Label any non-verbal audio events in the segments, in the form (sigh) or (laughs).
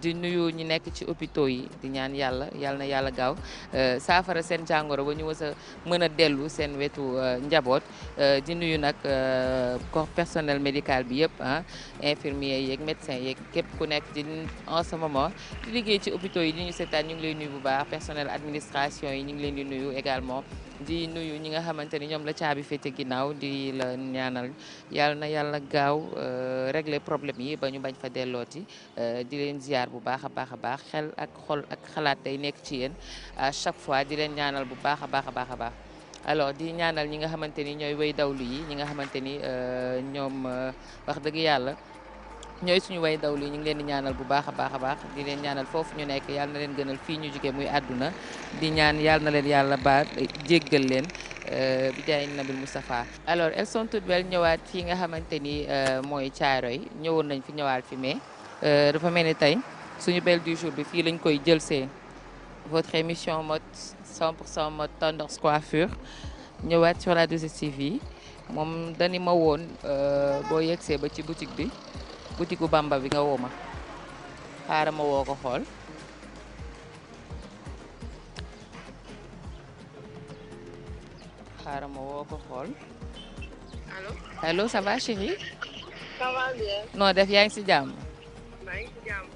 di nuyu ñi nekk ci hôpitaux yi di ñaan yàlla yàlla na yàlla gaaw euh, saafara seen jàngoro ba ñu was a mën a dellu seen wetu euh, njaboot euh, di nuyu nag corps personnel médical bi yëpp ah infirmier yeeg médecin yeeg képp ku nekk di en ce moment liggéey ci hôpitaux yi di ñu ñu ngi lay nuyu bu baax personnel administration yi ñu ngi leen di nuyu également di nuyu ñi nga xamante ni ñoom la caabi féete ginnaaw di la ñaanal yàlla na yàlla gaaw régler problème yi ba ñu bañ fa dellooti di leen ziar yaakaar bu baax a baax xel ak xol ak xalaat day nekk ci yeen à chaque fois di leen ñaanal bu baax a baax a baax alors di ñaanal ñi nga xamante ni ñooy way dawlu yi ñi nga xamante ni euh, ñoom euh, wax dëgg yàlla ñooy suñu way dawlu yi ñu ngi leen di ñaanal bu baax a baax a baax di leen ñaanal foofu ñu nekk yàlla na leen gënal fii ñu jóge muy àdduna di ñaan yàlla na leen yàlla baal jéggal leen euh, bi jaay nabil Moustapha alors elles sont toutes belles ñëwaat fii nga xamante ni mooy caaro yi ñëwoon nañ fi ñëwaat fi mais dafa mel ni tey suñu belle du jour bi fi lañ koy jël see votre émission mode 100 mode tendance coiffure ñëwaat sur la 2 TV moom dani ma woon euh, boo yegsee ba ci boutique bi boutique Bamba bi nga woo ma xaaral ma woo ko xool. xaaral ma woo ko xool. allo allo ça va chérie. ça va bien. non def yaa ngi si jàmm. maa ngi si jàmm.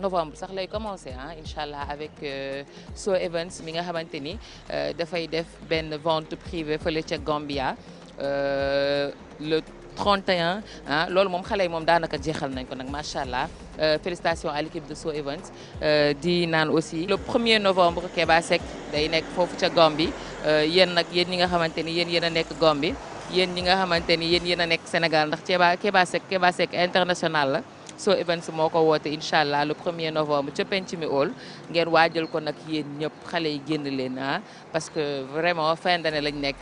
novembre sax lay commencé hein inshallah allah avec euh, So Events mi nga xamante euh, da fay def ben vente privée fële ca Gambia euh le 31 hein loolu mom xalé mom danaka daanaka jeexal nañ ko nak machallah euh, félicitations à l'équipe de So Events euh, di nan aussi le 1er novembre Keba Seck day nekk foofu ca Gambie euh, yéen nag yéen ñi nga xamanteni ni yena nek a nekk Gambie yéen ñi nga xamanteni ni yena nek Sénégal ndax Keba Keba Seck Keba Seck international la so events moko le 1er novembre ci penc mi hall ngeen waajal ko nak yeen ñep xalé yi leen ah. parce que vraiment fin d'année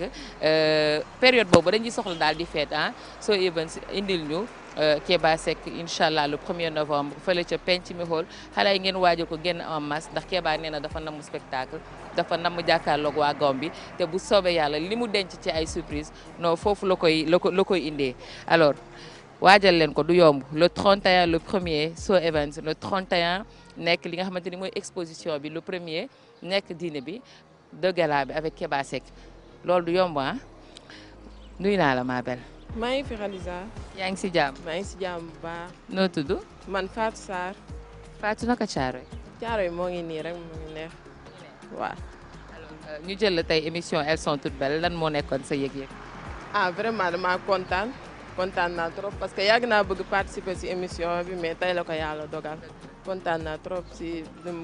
euh, période soxla di ah. indil ñu euh, le 1er novembre fële ca penc mi hall en masse ndax Keba spectacle dafa namm jàkkaarloog waa de te bu soobee yàlla surprise non la alors waajal len ko du yomb le 31 le premier so events le 31 nek li nga xamanteni moy exposition bi le premier nek dîner bi de gala bi avec Keba Seck lolou du yomb hein ah. nuy na la ma bel maa ngi fi Khadija. yaa ngi si jàmm. maa ngi si jàmm ba no tudu man fat sar Fatou naka Caaroy. Caaroy moo ngi ni rek mo ngi neex wa alors euh, ñu jël émission elles sont toutes belles lan moo nekkoon sa ah vraiment damaa contente. kontaan naa trop parce que yàgg naa bëgg participer ci émission bi mais tey la ko yàlla dogal kontaan naa trop ci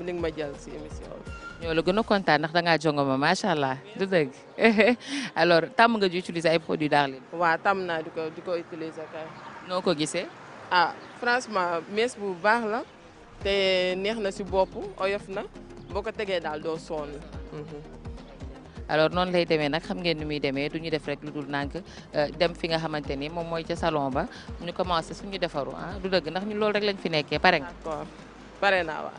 li nga ma jël ci émission bi. ñoo la gën a ndax da ngaa jongoma macha allah du dëgg (laughs) alors tàmm nga di utiliser ay produits Darling. waa tam naa di ko di ko utiliser kay. noo ko gisee. ah franchement mees bu baax la te neex na ci bopp oyof na boo ko tegee daal doo sonn. Mhm. alors noonu lay demee nag xam ngeen ni muy demee du ñu def rek lu dul nànk euh, dem fi nga xamante ni moom mooy ca salon ba ñu commencé suñu defaru ah du dëgg ndax ñu loolu rek lañ fi nekkee pare nga. d'accord pare naa waaw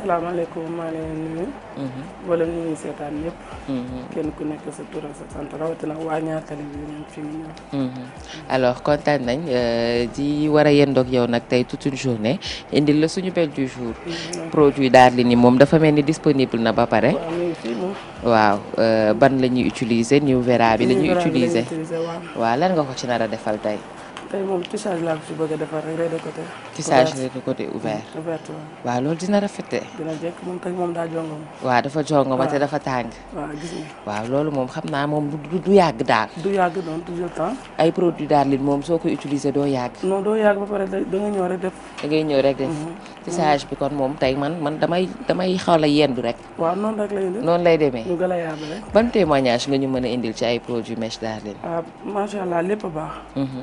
asalaamaaleykum maa leen nuyu mhm. mboolem ñu ñuy seetaan ñëpp mhm. kenn ku nekk sa tour ak sa sant rawatina waa Ñaari Tali bi ñoom fi mu ñëw mhm. alors kontaan nañ euh, di war a yendoog yow nag tey toute une journée indil la suñu bel du jour produit daal li ni moom dafa mel ni disponible na ba pare waaw euh, ban la ñuy utiliser New Vera bi la ñuy utiliser waaw lan nga ko ci nar a defal tey tey moom tissage laa ko ci bëgg a defar rek rez de dina rafetee. dina moom daa jongoma. waaw dafa jongoma te dafa tàng. waaw gis waaw loolu moom xam naa moom du du yàgg daal. du yàgg noonu toujours temps. ay produits daal li moom soo koy utiliser doo yàgg. non doo ba pare da nga ñëw rek def. da ngay ñëw mhm. bi kon moom tey man man damay damay xaw a yendu rek. waaw noonu rek lay demee noonu lay demee. ñu gën a yàgg rek. ban témoignage nga ñu mën a indil ci ay produits mèche daal. waaw ah, macha lépp lépp baax. Mhm.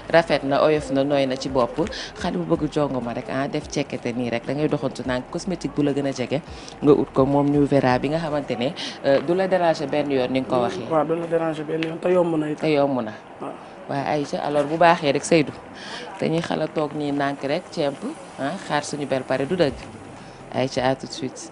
rafet na oyof na nooy na ci bopp xale bu bëgg ma rek ah def cekkete nii rek da ngay doxantu naan cosmétique bu la gën a jege nga ut ko moom ñu verra bi nga xamante ne euh, du la déranger benn yoon ni nga ko waxee. waaw du la déranger benn yoon te yomb na it. te yomb na waaw. waaw Aïcha alors bu baaxee rek Seydou dañuy xala toog nii nànk rek cemp ah, xaar suñu bel pare du dëgg Aïcha à tout suite.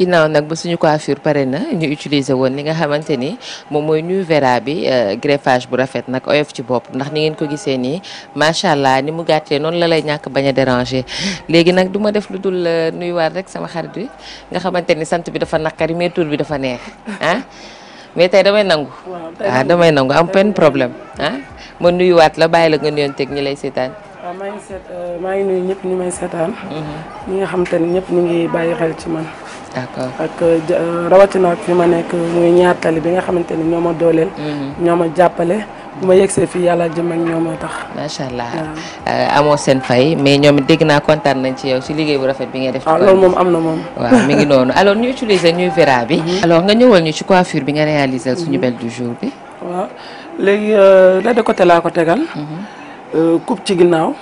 ginnaaw nag ba suñu coiffure pare na ñu utiliser woon ni nga xamante ni moom mooy nu vera bi euh, greffage bu rafet nag oyof ci bopp ndax ni ngeen ko gisee nii macha allah ni mu gàttee noonu la lay ñàkk bañ a léegi nag du ma def lu dul euh, nuyuwaat rek sama xarit bi nga xamante ni sant bi dafa naqari mais tur bi dafa neex ah mais tey damay nangu. Ah, damay nangu am benn problème ah. nuyuwaat la bàyyi la nga nuyoon teg lay seetaan. waaw euh, may seetaan. Mm-hmm. ñi nga xam te ne ñëpp ñu ngi bàyyi xel ci man. d'accord ak euh, euh, rawatina ak ma nekk muy ñaar bi nga xamante ni ñoo ma dooleel. Mm-hmm. ñoo ma jàppale. bu ma yegsee fii yàlla jëm ak ñoom moo tax. macha allah euh, amoo seen fay mais ñoom it dégg naa kontaan nañ ci yow ci liggéey bu rafet bi ngay def. waaw ah, loolu moom am na moom. waaw mi ngi noonu alors ñu utiliser ñuy vera bi. Mm-hmm. alors nga ñëwal ñu ci coiffure bi nga réaliser suñu mm-hmm. belle du jour bi. waaw léegi la de côté laa ko tegal. coupe ci ginnaaw.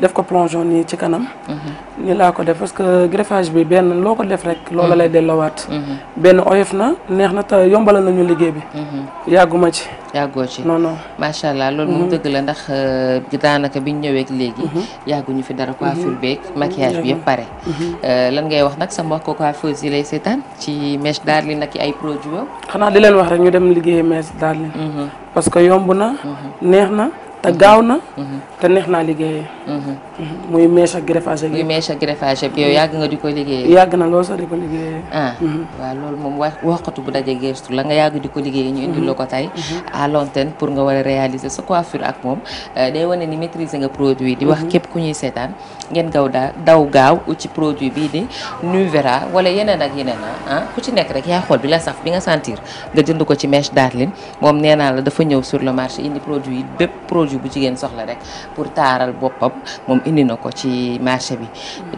def ko plongeon nii ci kanam mhm. ni laa ko def parce que greffage bi benn loo ko def rek loola mhm. lay delloowaat mhm. benn oyof na neex na te yombalal nañu liggéey bi yàgguma ci yàggoo ci non macha allah loolu moom dëgg la ndax euh, daanaka biñ ñëweek léegi yàgguñu fi dara coiffure beeg maquillage bi yëpp pare euh, lan ngay wax nag sa mbokk coiffeuse yi lay seetaan ci Mèche Darling nag ay produits xanaa di leen wax rek ñu dem liggéey Mèche Darling parce que yomb na neex na te gaaw na. Mhm. te neex naa liggéeyee. Mhm. Mhm. muy mèche ak greffage ak yow yàgg nga di ko liggéeyee. yàgg na lool sax di ko liggéeyee. ah waaw loolu moom wax waxatu bu daje geestu la nga yàgg di ko liggéeyee. ñu indil la ko tey à l'antenne pour nga war a réaliser sa coiffure ak moom euh, day wane ni maîtriser nga produit di wax képp ku ñuy seetaan ngeen gaaw daa daw gaaw ci produit bii di Nuvera wala yeneen ak yeneen ah ku ci nekk rek yaa xool bi la saf bi nga sentir ko ci mèche Darling moom nee naa la dafa ñëw produit bu jigéen soxla rek pour taral bopam mom indi nako ci marché bi.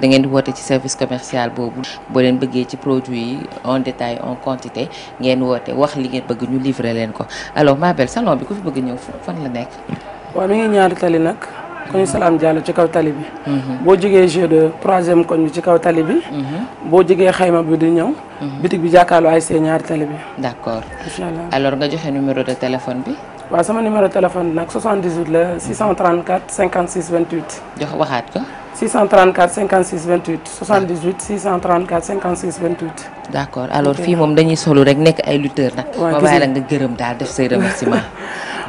da ngeen di woté ci service commercial bobu bo len bëggé ci produit en détail en quantité ngeen woté wax li ngeen bëgg ñu livrer len ko alors ma belle salon bi ku fi bëgg ñew fan la nek waaw mi ngi ñaar tali nak koñu salam Diallo ci kaw tali bi. Mhm. boo jegee jeu de troisième koñ bi ci kaw tali bi. Mhm. bo jegee xayma bi di ñew mhm. boutique bi jàkkaarloo ay sé ñaar tali bi. d'accord. incha alors nga joxé numéro de téléphone bi waaw sama numéro de téléphone nag 78 634 56 28. jox waxaat ko. 634 56 28 78 634 56 28. d' accord alors fii moom dañuy solu rek nekk ay lutteur nag. waaw ma bàyyi la nga gërëm daal def say (laughs) remerciement.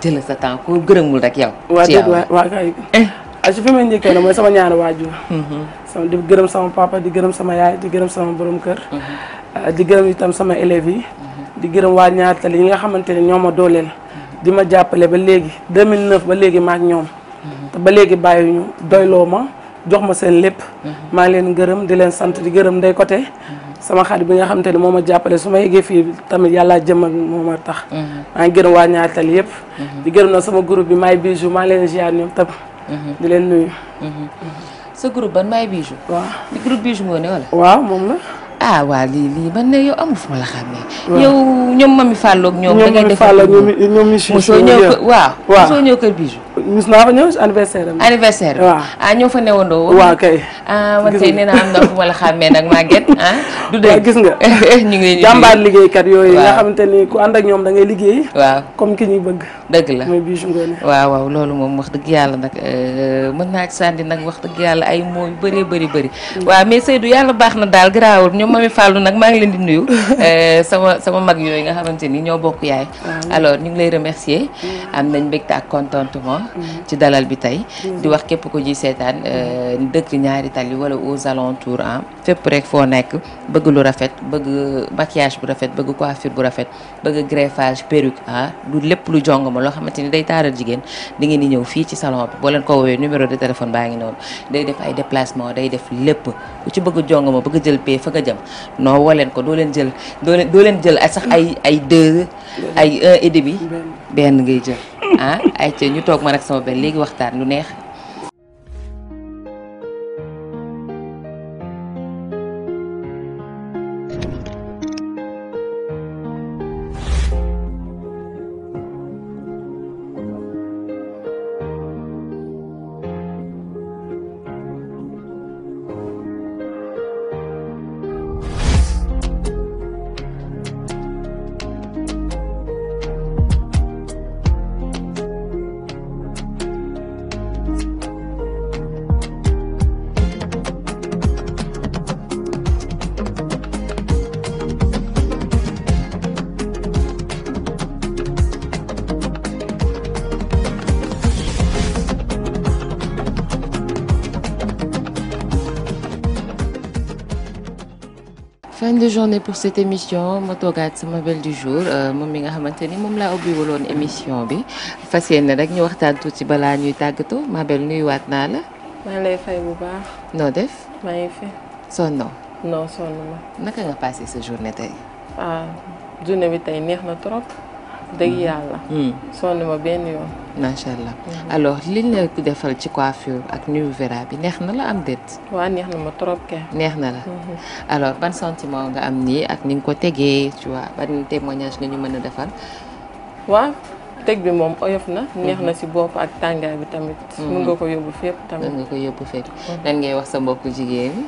jël sa temps ku gërëmul rek yow. ci yow waaw waaw kay. Eh. Ah, su fi may njëkkee nag mooy sama ñaari waajur. Mm-hmm. sama di gërëm sama papa di gërëm sama yaay di gërëm sama borom kër. Mm-hmm. Ah, di gërëm itam sama élèves yi. Mm-hmm. di gërëm waa ñaari tali yi nga xamante ne ñoo ma dooleel. di ma jàppale ba léegi 2009 ba léegi maak ñoom. Mhm. ba léegi bàyyiwuñu doyloo ma jox ma seen lépp. Mhm. maa leen gërëm di leen sant di gërëm Ndeye Coté. Mhm. sama xar bi nga xam te ne moo ma jàppale su ma yeggee fii tamit yàllaa jëmmal moo ma tax. maa ngi gërëm waa Ñaari Tali yëpp. di gërëm na sama groupe bi May Bijou maa leen ziar ñoom tam. di leen nuyu. sa groupe ban May Bijou. waaw groupe waaw moom la. ah wali, li lii man ne yow amu ma la xàmmee. yow ñoom mami Fallou ak da ngay def ñoom ñoom Miss Moussa ñëw Wa waaw. kër Bijou. fa anniversaire am. anniversaire ah fa newandoo woon. kay. ah man tey nee am na fu ma nyom xàmmee nag Maguette ah. (laughs) du dee gis nga. ñu (laughs) eh, eh, ngi leen di jàmbaar liggéeykat yooyu. nga xamante ku ànd ak ñoom da ngay liggéey. waaw comme ki ñuy bëgg. dëgg la mooy Bijou Ngoné. nyom wax euh, wax ay mm. mais Seydou ñoom mami fallu nak ma ngi leen di nuyu euh sama sama mag yooyu nga xamanteni ño bokk yaay alors ñu ngi lay remercier mm. am nañ mbégte ak contentement mm. ci dalal bi tay mm. di wax kep ko ji euh dekk ñaari tali wala aux alentours hein ah, fep rek fo nek bëgg lu rafet bëgg maquillage bu rafet bëgg coiffure bu rafet bëgg greffage perruque ah du lepp lu jong ma lo xamanteni day taral jigen di ngeen di ñew fi ci salon bi bo leen ko wowe numéro de téléphone baa ngi noonu day def ay déplacement day def lepp ku ci bëgg jong ma bëgg jël pay fa nga dem non woo leen ko doo leen jël doo leen jël ay sax ay ay deux ay un et benn ngay jël ah ay ca ñu toog ma ak sama benn léegi waxtaan lu neex de journée pour cette émission ma toogaat sama belle du jour euh, moom mi nga xamante ni moom laa ubbi waloon émission bi fas yéene rek ñu waxtaan tuuti balaa ñuy tàggatoo ma belle nuyuwaat naa la. maa lay fay bu baax. noo def. maa ngi fi. sonnoo. non sonn ma. naka nga passé ce journée tey. ah journée bi tey neex na trop. dëgg yàlla. Hmm. sonn ma benn yoon. macha allah alors li la defal ci coiffure ak Nuit Vera bi neex na la am déet. waa neex na ma trop kay. neex na la. Mhm. alors ban sentiment nga am nii ak ni nga ko tegee tu vois ban témoignage nga ñu mën a defal. waaw teg bi moom oyof na. Mhm. neex na si bopp ak tàngaay bi tamit. Mhm. mun nga ko yóbbu fépp tamit. mun nga ko yóbbu fépp. nan ngay wax sa mbokku jigéen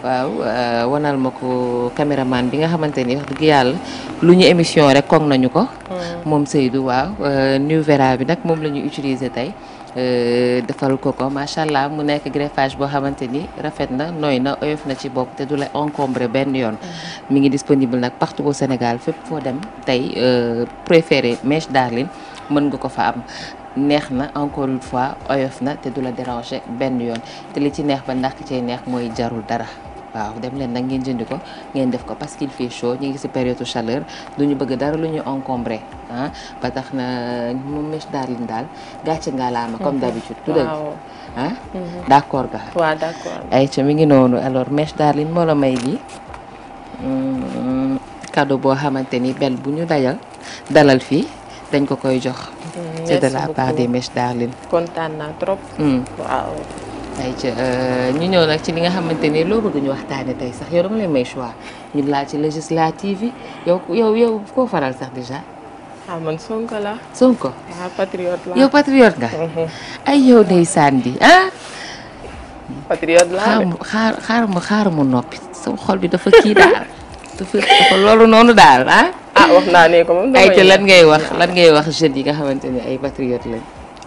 waaw euh, wanal ma ko caméraman bi nga xamante ni wax dëgg yàlla lu ñu émission rek koŋ nañu ko. Hmm. moom Seydou waaw euh, nu vera bi nag moom lañu utiliser tey. Euh, defal ko ko macha allah mu nekk greffage boo xamante ni rafet na nooy na oyof na ci bopp te du la encombré benn yoon. Hmm. mi ngi disponible nag partout au Sénégal fépp foo dem tey préféré mèche darling mën nga ko fa am. neex na encore une fois oyof na te du la déranger benn yoon te li ci neex ba ndax ki cay neex mooy jarul dara. waaw dem leen nag ngeen jëndi ko ngeen def ko parce qu'il fait chaud ñu ngi si période chaleur lu ñu bëgg dara lu ñu encombré ah ba tax na moom mèche darling daal gàcce ngalaama comme mhm. d'habitude du dëgg ah, mhm. d'accord ga ay ca mi ngi noonu alors mèche darling moo la may bi hmm, cadeau boo xamante ni bel bu ñu dajal dalal fii dañ ko koy jox mm, c'est de la part des mèches darling kontaan naa trop hmm. ay ayca euh, ñu ñëw nag ci li nga xamante ne loo bëgg ñu waxtaane tey sax yow ma lay may choix ñu ngi laa ci législative yi yow yow yow koo faral sax déjà. ah Sonko la. Sonko ah patriote la. yow patriote nga. Mhm. ay yow ndeysaan bi ah. patriote la xaar mu xaar mu noppi sama xol bi dafa kii daal dafa dafa loolu noonu daal ah. ah wax naa ne ko moom. ayca lan ngay wax lan ngay wax jeunes yi nga xamante ni ay patriote lañ.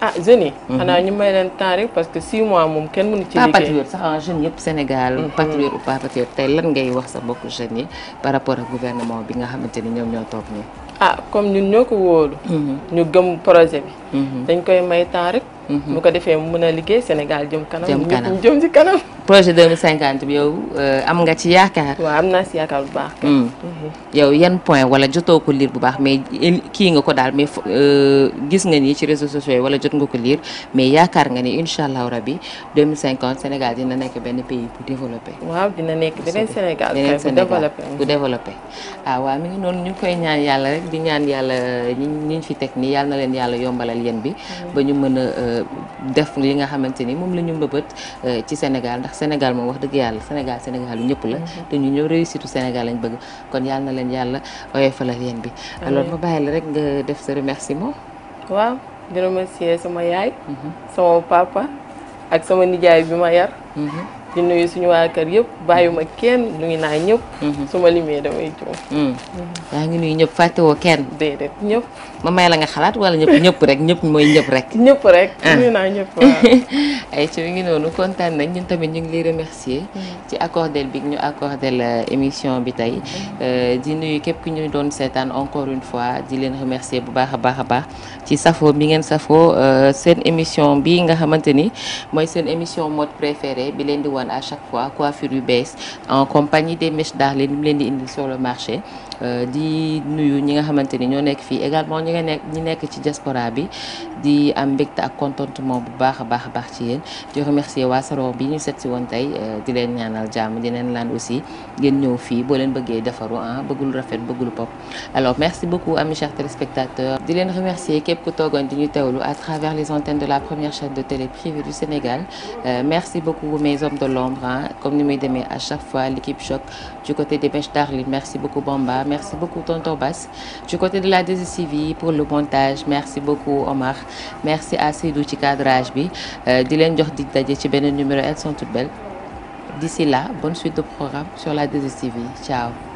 ah jeunes yi. Mhm. xanaa ñu may leen temps rek parce que 6 mois moom kenn mënu ci liggéey. Mhm. pas patriote sax ah jeunes yëpp tey lan ngay wax sa mbokku jeunes yi par rapport ak gouvernement bi nga xamante ni ñoom ñoo toog nii. ah comme ñun ñoo ko wóolu. Mhm. ñu gëm projet bi. dañ koy may temps rek. bu ko defee mu mën a liggéey Sénégal jëm kanam. jëm kanam jëm ci kanam. projet bi yow euh, am nga ci yaakaar. waaw am si bu baax. Hmm. Mhm. yow yan point wala jotoo ko lire bu baax mais kii nga ko daal mais euh, gis nga ni ci réseaux sociaux yi wala jot nga ko lire mais yaakaar nga ni incha allahu rabi 2050 Sénégal dina nekk benn pays bu développé. waaw dina nekk beneen Sénégal. beneen Sénégal mhm. bu développé. ah waaw mi ngi noonu ñu koy ñaan yàlla rek di ñaan yàlla euh, ñi ñu fi teg nii yàlla na leen yàlla yombalal yéen bi mhm. def li nga xamante ni moom la ñu mbëbët euh, ci Sénégal ndax Sénégal moom wax dëgg yàlla Sénégal Sénégal yu ñëpp la te mhm. ñu ñëw réussite Sénégal lañ bëgg kon yàlla na leen yàlla oyofalal yéen bi alors ma bàyyi la rek nga def sa remerciement waaw di remercier sama yaay mhm. sama papa ak sama nijaay bi ma yar mhm. di nuyu suñu waa kër yëpp bayuma kenn nuyu naa ñëpp. Mhm. suma limé limee damay juum. Mm. Mhm. yaa ngi nuyu ñëpp fàttewoo kenn. déedéet ñëpp. ma may la nga xalaat wala ñëpp ñëpp rek ñëpp mooy ñëpp rek. ñëpp rek ñu ah. naa ñëpp ay (laughs) ci mi ngi noonu kontaan nañ ñun tamit ñu ngi lay remercier. Mhm. ci accordel bi ñu accordel euh, émission bi tey. Euh, di nuyu képp ku ñu doon seetaan encore une fois di leen remercier bu baax a baax a baax ci safoo bi ngeen safoo euh, seen émission bi nga xamante ni mooy seen émission mode préférée bi leen di à chaque fois coiffure yu en compagnie des mèches d'art sur le marché euh, di nuyu ñi nga xamanteni ñoo nekk fi également ñi nga nekk ñi nekk ci diaspora bi di am mbégte ak contentement bu baax a baax a baax ci yéen di remercier waa salon bi ñu seet si woon tey euh, di leen ñaanal jàmm di leen laan aussi ngeen ñëw fii boo leen bëggee defaru ah bëggul rafet bëggul pop alors merci beaucoup amis chers téléspectateurs di leen remercier képp ku toogoon di ñu teewlu à travers les antennes de la première chaîne de télé privée du Sénégal euh, merci beaucoup mes hommes de l'ombre ah, comme ni muy demee à chaque fois l'équipe choc du côté des Mèches Darlings merci beaucoup Bamba Merci beaucoup, Tonton Bass. Du côté de la DGCV pour le montage, merci beaucoup, Omar. Merci à Seydou ci cadrage bi euh, di leen jox numéro Elles sont toutes belles. D'ici là, bonne suite de programme sur la DGCV. Ciao.